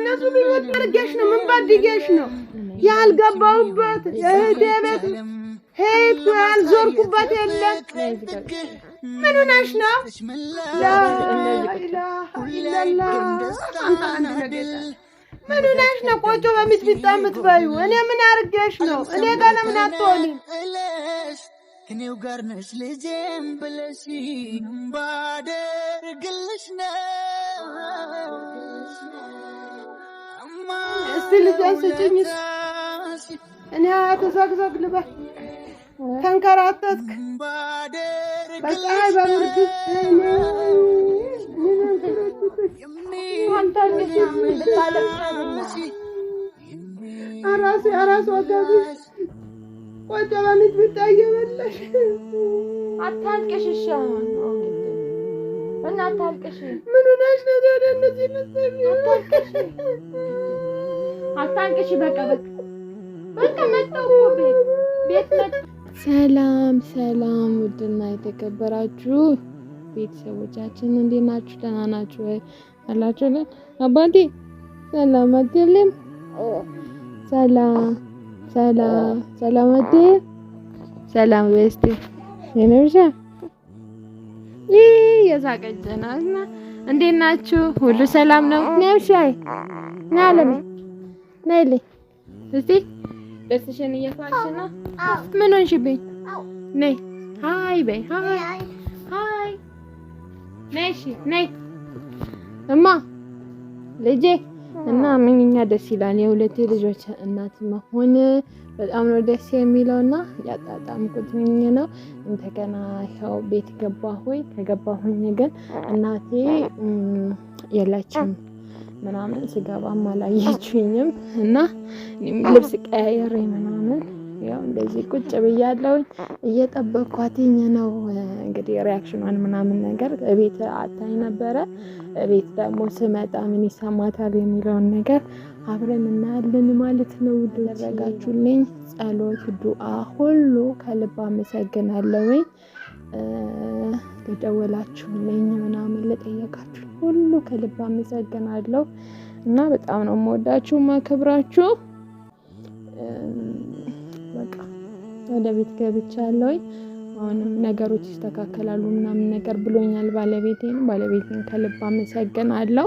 እነሱ ምን አድርጌሽ ነው? ምን ባድጌሽ ነው? ያልገባሁበት እህቴ ቤት ሄድኩ ያልዞርኩበት የለም። ምን ሆነሽ ነው? ምን ሆነሽ ነው? ቆጮ በሚጥሚጣ የምትበዩ እኔ ምን አድርጌሽ ነው? እኔ ጋር ለምን አትሆንም? እኔው ጋር ነሽ ልጄም ብለሽ ባደርግልሽ ነው እስቲ ልጇን ስጭኝ። እኔ አያት ዘግዘግ ልበል ተንከራተትክ በፀሐይ በብርድ አራስ አራስ ወገብሽ ቆጨባንች ብታየበለሽ አታልቅሽሻ እና አታልቅሽ ምን ሆነሽ ነው ታዲያ እንደዚህ ምሰሚ አታንቅሽ። በቃ በቃ በቃ መጣሁ ቤት ሰላም ሰላም፣ ውድና የተከበራችሁ ቤተሰቦቻችን እንዴት ናችሁ? ደህና ናችሁ ወይ? አላችሁ ለ አባቴ ሰላም አትልም? ሰላም ሰላም ሰላም አትልም? ሰላም በስቲ የነብሻ ይህ የዛቀጀናልና እንዴት ናችሁ? ሁሉ ሰላም ነው? ነብሻይ ናለም ነይልኝ እስቲ ጥርስሽን እየፋልሽ ነው። ምን ሆንሽብኝ? ነይ ሀይ በይ ሀይ ሀይ ነይ እሺ ነይ እማ ልጄ እና ምንኛ ደስ ይላል። የሁለቴ ልጆች እናት መሆን በጣም ነው ደስ የሚለው እና ያጣጣምኩት ምኝ ነው እንተገና ይኸው ቤት ገባሁኝ። ከገባሁኝ ግን እናቴ የላችም ምናምን ስገባም አላያችሁኝም እና ልብስ ቀያየሬ ምናምን ያው እንደዚህ ቁጭ ብያለሁኝ እየጠበኳትኝ ነው። እንግዲህ ሪያክሽኗን ምናምን ነገር እቤት አታይ ነበረ። እቤት ደግሞ ስመጣ ምን ይሰማታል የሚለውን ነገር አብረን እናያለን ማለት ነው። ደረጋችሁልኝ ጸሎት፣ ዱአ ሁሉ ከልብ አመሰግናለሁኝ። ለደወላችሁልኝ ምናምን ለጠየቃችሁ ሁሉ ከልብ አመሰግናለሁ እና በጣም ነው የምወዳችሁ ማከብራችሁ። በቃ ወደ ቤት ገብቻለሁኝ። አሁንም ነገሮች ይስተካከላሉ ምናምን ነገር ብሎኛል ባለቤቴን። ባለቤቴን ከልብ አመሰግናለሁ።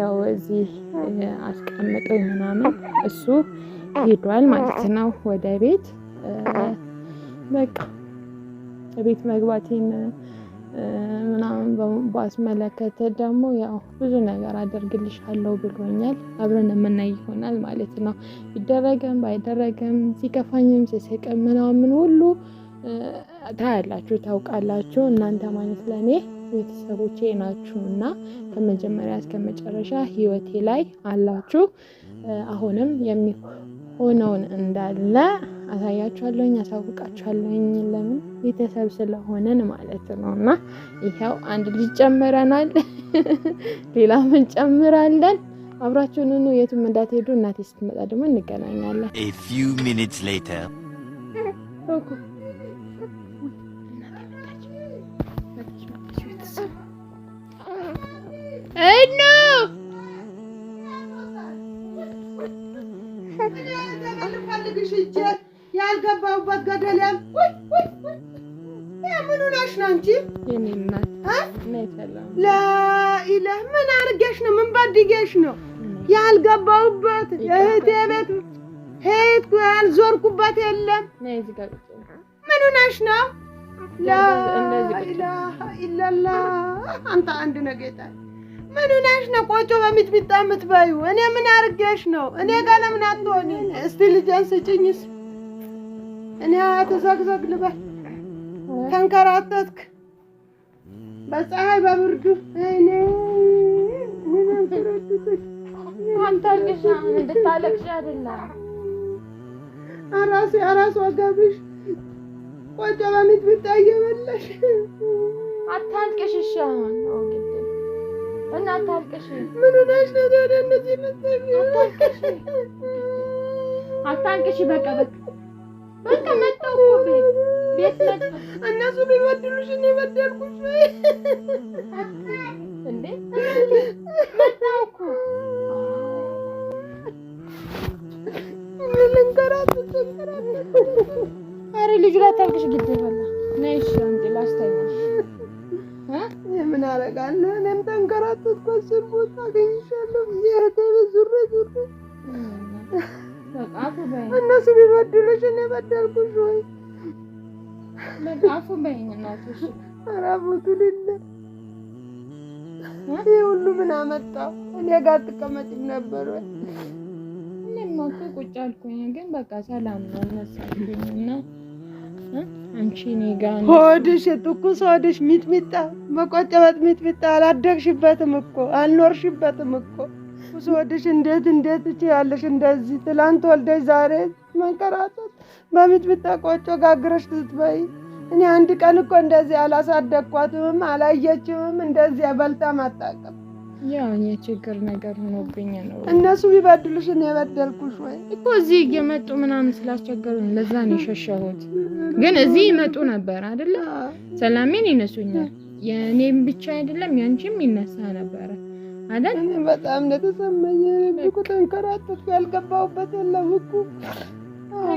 ያው እዚህ አስቀምጠው ምናምን እሱ ሄዷል ማለት ነው ወደ ቤት። በቃ ቤት መግባቴን ምናምን ባስመለከተ ደግሞ ያው ብዙ ነገር አደርግልሻለሁ ብሎኛል። አብረን የምናይ ይሆናል ማለት ነው። ይደረገም ባይደረገም ሲከፋኝም ሲሰቅም ምናምን ሁሉ ታያላችሁ፣ ታውቃላችሁ። እናንተ ማለት ለእኔ ቤተሰቦቼ ናችሁ እና ከመጀመሪያ እስከ መጨረሻ ህይወቴ ላይ አላችሁ አሁንም የሚ ሆነውን እንዳለ አሳያችኋለሁኝ፣ አሳውቃችኋለሁኝ። ለምን ቤተሰብ ስለሆነን ማለት ነው። እና ይኸው አንድ ልጅ ጨምረናል፣ ሌላ ምን ጨምራለን። አብራችሁን ኑ፣ የቱም እንዳትሄዱ። እናቴ ስትመጣ ደግሞ እንገናኛለን። እኑ ልፈልግሽ ሂጅ ያልገባሁበት ገደል ምን ሆነሽ ነው አንቺ? ለኢለህ ምን አድርጌሽ ነው? ምን በድጌሽ ነው? ያልገባሁበት እህቴ ቤት ሄድኩ ያልዞርኩበት የለም። ምን ሆነሽ ነው? ላኢላሀ ኢለላህ አንተ አንድ ነው ጌታ ምን ሆነሽ ነው ቆጮ በሚጥሚጣ የምትበዩ? እኔ ምን አርጌሽ ነው? እኔ ጋ ለምን አትሆኒ? እስቲ ልጄን ስጭኝስ። እኔ ተዘግዘግ ልበል። ተንከራተትክ በፀሐይ በብርዱ እኔ እንድታለቅሽ አራስ ወገብሽ ቆጮ በሚጥሚጣ እየበላሽ አታልቅሽ። እሺ አሁን እና አታልቅሽ። ምን ሆነሽ ነው ታዲያ እንደዚህ የምትሰሪው? አታልቅሽ። በቃ በቃ በቃ መጣሁ እኮ ቤት መጣሁ። እነሱ ቢበድሉሽ እኔ በደልኩሽ እንዴ? መጣሁ እኮ ልንገራት ልንገራት። ኧረ ልጁ ላታልቅሽ ግድ በላ ነይ እሺ አንቺ ላስተኛሽ ምን አደርጋለሁ? እኔም ተንከራተትኩ። አስር ቦታ አገኝሻለሁ ብዬ ዙሬ ዙሬ እነሱ ቢበድሉሽ እኔ በደልኩሽ ወይ? መቃፉ በይኝናትሽ አራቦቱ ልለ ይህ ሁሉ ምን አመጣው? እኔ ጋር አትቀመጭም ነበር ወይ? እኔማ እኮ ቁጭ አልኩኝ፣ ግን በቃ ሰላም ነው እና አንቺ እኔ ጋር ሆድሽ ትኩስ ሆድሽ ሚጥሚጣ መቆጨበት ሚጥሚጣ አላደግሽበትም እኮ አልኖርሽበትም እኮ ሆድሽ እንዴት እንዴት ትችያለሽ እንደዚህ ትላንት ወልደሽ ዛሬ መንከራተት በሚጥሚጣ ቆጮ ጋግረሽ ትትበይ እኔ አንድ ቀን እኮ እንደዚህ አላሳደግኳትም አላየችውም እንደዚህ በልታም አታውቅም ያው ነገር ሆኖብኝ ነው። እነሱ ቢበድሉሽ የበደልኩሽ ወይ እኮ እዚህ እየመጡ ምናምን ስላስቸገሩኝ ለዛ ነው የሸሸሁት። ግን እዚህ ይመጡ ነበር አይደለ? ሰላሜን ይነሱኛል። የእኔም ብቻ አይደለም ያንቺም ይነሳ ነበረ አይደል? በጣም እንደተሰማኝ እኮ ተንከራተትኩ። ያልገባሁበት የለም እኮ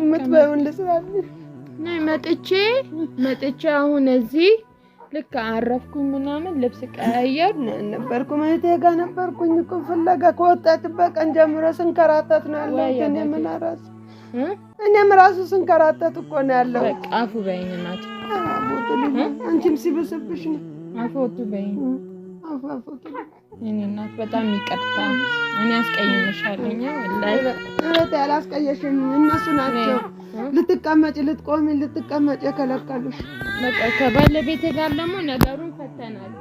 የምትበይውን ልስራልሽ። ነይ መጥቼ መጥቼ አሁን እዚህ ልክ አረፍኩኝ ምናምን ልብስ ቀያየር ነበርኩ መህቴ ጋ ነበርኩኝ እኮ ፍለጋ ከወጣትበት ቀን ጀምሮ ስንከራተት ነው ያለሁት። እኔም እራሱ እኔም ራሱ ስንከራተት እኮ ነው ያለሁት። አፉ በይኝ ናት አንቺም ሲብስብሽ ነው አፎቱ በይኝ እኔ እናት በጣም ይቅርታ፣ እኔ አስቀይምሻለሁ። እኛ ላይ ያላስቀየሽም እነሱ ናቸው። ልትቀመጭ ልትቆሚ ልትቀመጭ የከለከሉሽ በቃ ቤት ጋር ደግሞ ነገሩን ፈተናል።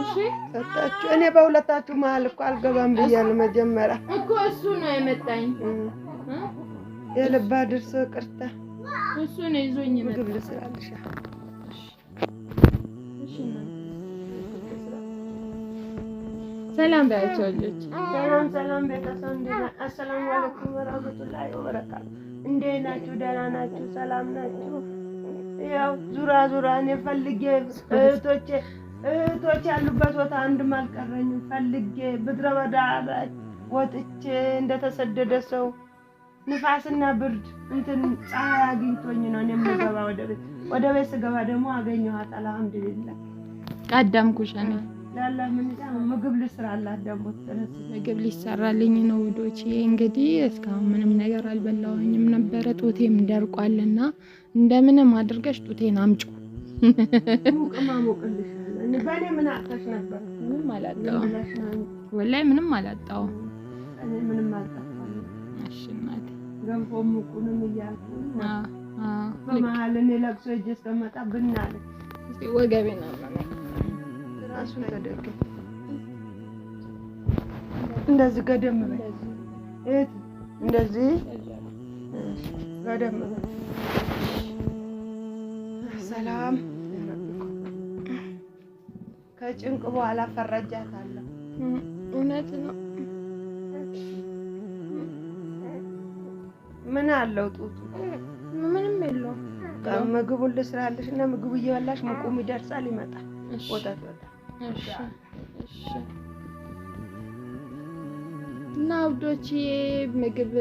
እሺ ሰጣችሁ። እኔ በሁለታችሁ መሀል እኮ አልገባም ብያለሁ። መጀመሪያ እኮ እሱ ነው የመጣኝ። የልባ ድርሶ ቅርታ እሱ ነው ይዞኝ ምግብ ልስራልሽ ሰላም ባያቸው ልጆች ሰላም ሰላም ቤተሰብ እንዴት አሰላሙ አለይኩም ወራህመቱላሂ ወበረካቱ እንዴ ናችሁ? ደህና ናችሁ? ሰላም ናችሁ? ያው ዙራ ዙራ እኔ ፈልጌ እህቶቼ እህቶች ያሉበት ቦታ አንድም አልቀረኝም። ፈልጌ ብድረ በዳ ወጥቼ እንደተሰደደ ሰው ንፋስና ብርድ እንትን ፀሐይ አግኝቶኝ ነው እኔ የምገባ ወደ ቤት። ወደ ቤት ስገባ ደግሞ አገኘኋት። አልሐምዱሊላህ ቀደምኩሽ እኔ ምግብ ሊሰራልኝ ነው ውዶች። እንግዲህ እስካሁን ምንም ነገር አልበላሁኝም ነበረ። ጡቴም ደርቋል ደርቋልና እንደምንም አድርገሽ ጡቴን አምጪ። ምንም አላጣሁም፣ ወላሂ ምንም አላጣሁም። እሺ እናቴ ገንፎ ሙቁንም ወገቤን አመመኝ። እሱ ነገር እንደዚህ ገደም በል እንደዚህ ገደም ሰላም ከጭንቅ በኋላ ፈረጃታለሁ። እውነት ነው። ምን አለው ጡቱ? ምንም የለውም። ምግቡን ልስራልሽ እና ምግቡ እየበላሽ ሙቁም ይደርሳል፣ ይመጣል ወጣት እና ውዶቼ ምግብ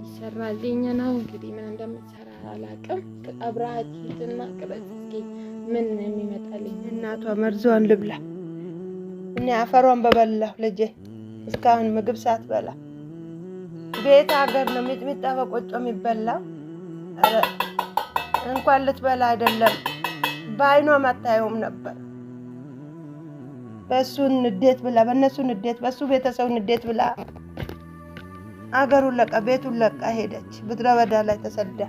ሊሰራልኝ ነው። እንግዲህ ምን እንደምትሰራ አላውቅም። አብረሃት ሂድና ቅረጽ እስኪ ምን የሚመጣልኝ። እናቷ መርዟን ልብላ እኔ አፈሯን በበላሁ ልጄ እስካሁን ምግብ ሳትበላ ቤት ሀገር ነው ሚጥሚጣ በቆጮ የሚበላ እንኳን ልትበላ አይደለም በአይኗም ማታየውም ነበር። በእሱ ንዴት ብላ በእነሱ ንዴት በእሱ ቤተሰብ ንዴት ብላ አገሩን ለቃ ቤቱን ለቃ ሄደች። ምድረ በዳ ላይ ተሰዳ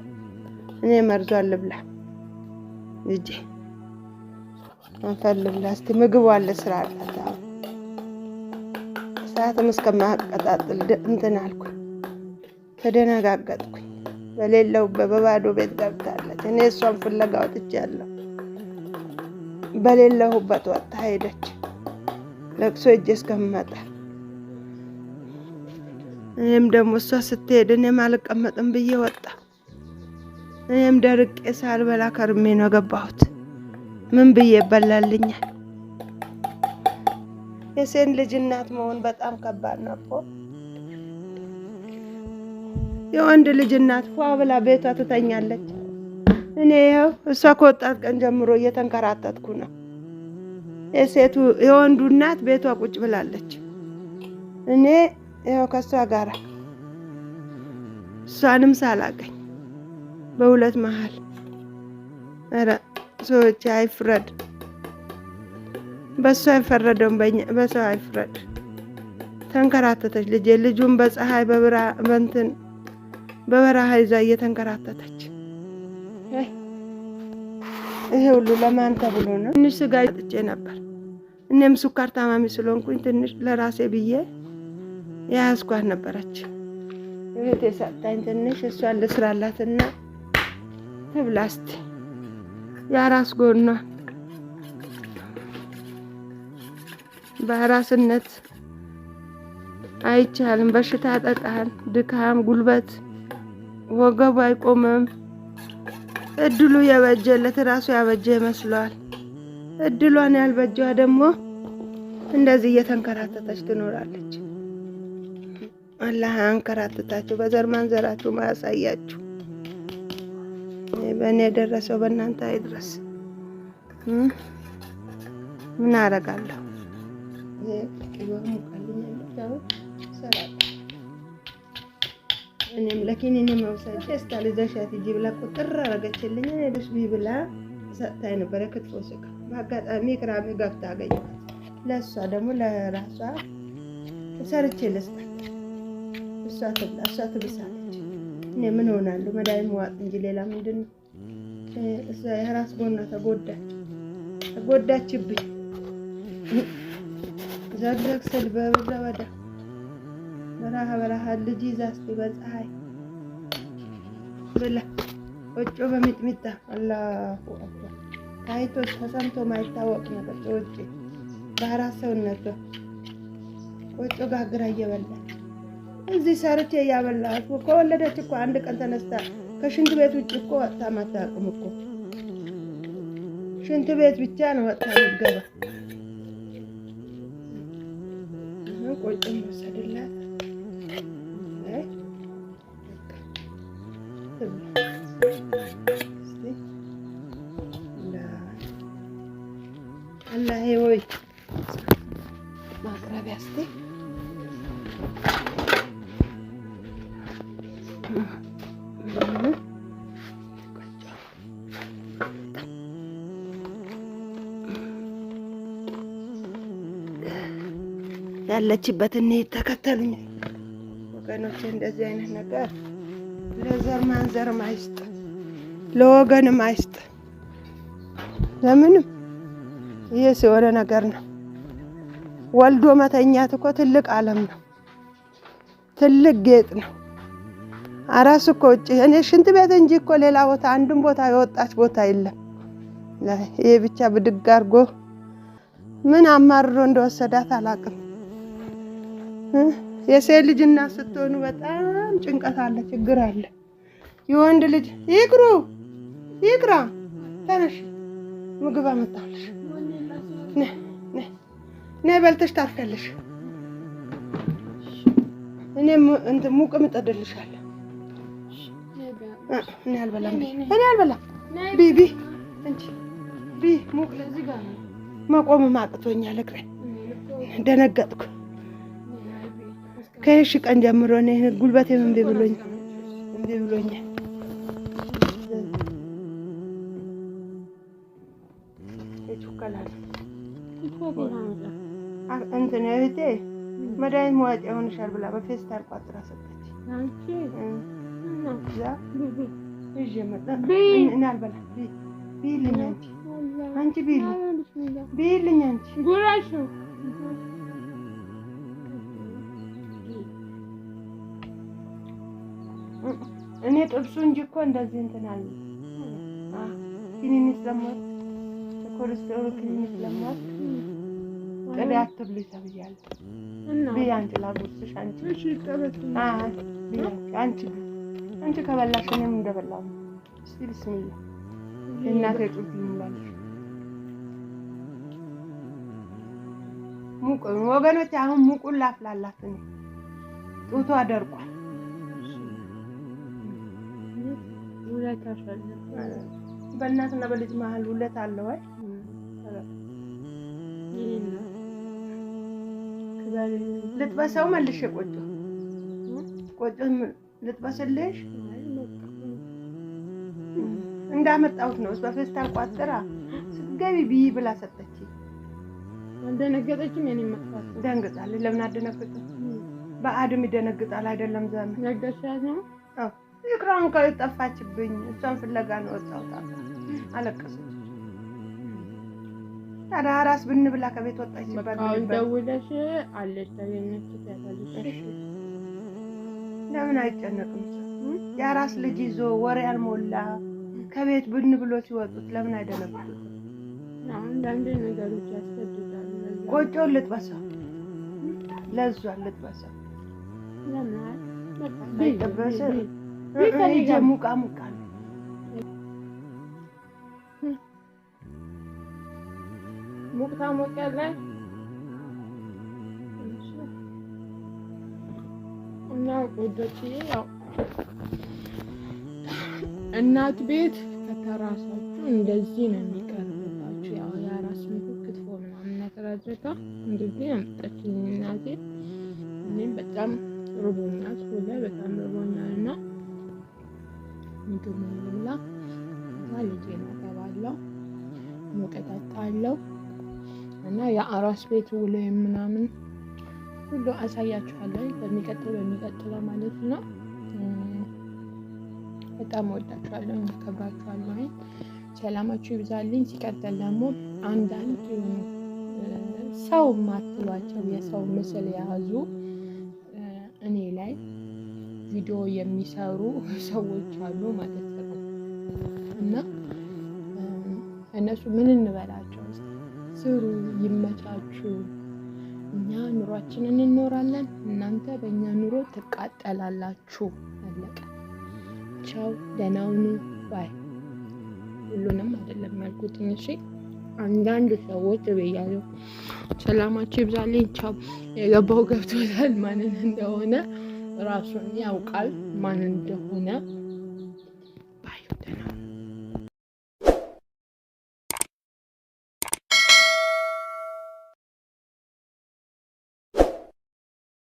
እኔ መርዟን ልብላ ልጄ አንፈል ልብላ እስቲ ምግቡ አለ ስራ አለ ሰዓትም እስከማቀጣጥል እንትን አልኩ ተደነጋገጥኩኝ። በሌለው በባዶ ቤት ገብታለች። እኔ እሷን ፍለጋ ያለው በሌለሁበት ወጥታ ሄደች። ለቅሶ እጅ እስከምመጣ እኔም ደግሞ እሷ ስትሄድ እኔም አልቀመጥም ብዬ ወጣ። እኔም ደርቄ ሳልበላ ከርሜ ነው ገባሁት። ምን ብዬ ይበላልኛል? የሴን ልጅ እናት መሆን በጣም ከባድ ነው እኮ። የወንድ ልጅ እናት ፏ ብላ ቤቷ ትተኛለች። እኔ ይኸው እሷ ከወጣት ቀን ጀምሮ እየተንከራተትኩ ነው። የሴቱ የወንዱ እናት ቤቷ ቁጭ ብላለች። እኔ ይኸው ከእሷ ጋር እሷንም ሳላገኝ በሁለት መሀል ኧረ ሰዎች አይፍረድ፣ በእሱ አይፈረደውም፣ በሰው አይፍረድ። ተንከራተተች ልጄ ልጁን በፀሐይ በብራ በንትን በበረሃ ይዛ እየተንከራተተች ይሄ ሁሉ ለማን ተብሎ ነው? ትንሽ ስጋ ጥጬ ነበር። እኔም ሱካር ታማሚ ስለሆንኩኝ ትንሽ ለራሴ ብዬ የያዝኳት ነበረች። እህቴ ሰጥታኝ ትንሽ እሷን ልስራላትና ትብላ የአራስ ጎኗ በአራስነት አይቻልም። በሽታ ያጠቃሃል። ድካም፣ ጉልበት፣ ወገቡ አይቆምም። እድሉ የበጀለት ራሱ ያበጀ ይመስለዋል። እድሏን ያልበጀዋ ደግሞ እንደዚህ እየተንከራተተች ትኖራለች። አላህ አንከራትታችሁ በዘር ማንዘራችሁ ማያሳያችሁ። በእኔ የደረሰው በእናንተ አይድረስ። ምን አረጋለሁ? እኔም ለኪን እኔ መውሰድ ደስታ ልዘሻት ሂጂ ብላ ቁጥር አረገችልኝ። እኔ ደስ ብላ ሰጥታኝ ነበረ ክትፎ ስጋ። በአጋጣሚ ቅራሚ ገብታ አገኘኋት። ለእሷ ደግሞ ለራሷ ሰርቼ ልስጣት፣ እሷ ትብላ፣ እሷ ትብሳለች። እኔ ምን ሆናለሁ? መድኃኒት መዋጥ እንጂ ሌላ ምንድን ነው? የራስ ጎና ተጎዳች፣ ተጎዳችብኝ። ዘግዘግ ስል በበዳ በረሃ በረሃ ልጅ ይዛ በፀሐይ ብላ ቆጮ በሚጥሚጣ አላሁ አክበር ታይቶ ተሰምቶ ማይታወቅ ነገር ውጭ ባህራት ሰውነቷ ቆጮ ጋግራ እየበላች እዚህ ሰርቼ እያበላች ከወለደች እኮ አንድ ቀን ተነስታ ከሽንት ቤት ውጭ እኮ ወጥታ ማታቅም እኮ ሽንት ቤት ብቻ ነው ወጥታ ምትገባ ቆጮ ወሰድላት። ያለችበት እንሂድ፣ ተከተሉኝ ወገኖች። እንደዚህ አይነት ነገር ለዘር ማንዘርም አይስጥ፣ ለወገንም አይስጥ፣ ለምንም። ይህ የሆነ ነገር ነው። ወልዶ መተኛት እኮ ትልቅ ዓለም ነው። ትልቅ ጌጥ ነው። አራሱ እኮ ውጭ እኔ ሽንት ቤት እንጂ እኮ ሌላ ቦታ አንድም ቦታ የወጣች ቦታ የለም። ይሄ ብቻ ብድግ አድርጎ ምን አማርሮ እንደወሰዳት አላውቅም። የሴት ልጅ እናት ስትሆኑ በጣም ጭንቀት አለ፣ ችግር አለ። የወንድ ልጅ ይቅሩ ይቅራ፣ ተነሽ፣ ምግብ አመጣልሽ፣ ነይ በልተሽ ታርፊያለሽ። እኔ እንትን ሙቅ እምጠድልሻለሁ። እኔ አልበላም፣ እኔ አልበላም። ቢ አቅቶኛል። እግሬ ደነገጥኩ። ከሺ ቀን ጀምሮ እንትን እህቴ መድኃኒት መዋጫ ይሆንሻል ብላ በፌስታል ቋጥራ ሰጠች። አንቺ ብይልኝ፣ አንቺ ጉራሽ እኔ ጥብሱ እንጂ እኮ እንደዚህ እንትን አለ። ክኒን ስለማት ኮሌስትሮል ክኒን ስለማት ቅቤ አትብሉ ተብያለሁ። ብይ አንቺ ላጉርስሽ። አንቺ አንቺ አንቺ ከበላሽ እኔም እንደበላሁ እስኪ ብስሚላ የእናቴ ጡት ይሙላልሽ። ሙቁ ወገኖች፣ አሁን ሙቁን ላፍላላት ነው። ጡቷ ደርቋል። በእናትና በልጅ መሀል ውለት አለ ወይ? ልጥበሰው መልሼ ቆጮ ቆጮ ልጥበስልሽ እንዳመጣሁት ነው። በፌስታል ቋጥራ ስትገቢ ብይ ብላ ሰጠች። አልደነገጠችም። የኔ መጥፋት ደንግጣለች። ለምን አደነግጥ? በአድም ይደነግጣል አይደለም? ዘመን ነገሻት ነው። አዎ ይቅራን ከጠፋችብኝ እሷን ፍለጋ ነው ወጣሁት። አለቀሰች። ታዲያ ራስ ብንብላ ከቤት ወጣች። ደውለሽ አለች ታገኘች ያሳለች ለምን አይጨነቅም? የአራስ ልጅ ይዞ ወሬ ያልሞላ ከቤት ብን ብሎ ሲወጡት ለምን አይደነብጡት? አንዳንድ ነገሮች ያስገድዳሉ። ቆጮ ልጥበሳ ለዟ ልጥበሳ አይጠበስ ሙቃ ሙቃ ነው ሙቅ ታሞቂያለሽ እና ወደች ያው እናት ቤት ከተራሳችሁ እንደዚህ ነው የሚቀርብላችሁ። ያው የአራስ ምግብ ክትፎ ምናምን ነገር አድርጋ እንደዚህ አምጣችልኝ እናቴ። እኔም በጣም ርቦኛል፣ ሶላ በጣም ርቦኛል እና ምግብ ምንላ ልጄ ነው ሙቀት አጣለው እና የአራስ ቤት ውል ምናምን ሁሉ አሳያችኋለሁ በሚቀጥል በሚቀጥለው ማለት ነው። በጣም ወዳችኋለሁ፣ አከብራችኋለሁ። ሰላማችሁ ይብዛልኝ። ሲቀጥል ደግሞ አንዳንድ ሰው ማትሏቸው የሰው ምስል የያዙ እኔ ላይ ቪዲዮ የሚሰሩ ሰዎች አሉ ማለት ነው እና እነሱ ምን እንበላ ስሩ፣ ይመቻችሁ። እኛ ኑሯችንን እንኖራለን፣ እናንተ በእኛ ኑሮ ትቃጠላላችሁ። አለቀ። ቻው፣ ደህና ሁኑ። ባይ። ሁሉንም አይደለም ያልኩት፣ እሺ። አንዳንድ ሰዎች እቤያለሁ። ሰላማችሁ ይብዛልኝ። ቻው። የገባው ገብቶታል። ማንን እንደሆነ ራሱን ያውቃል ማን እንደሆነ ባይ። ደህና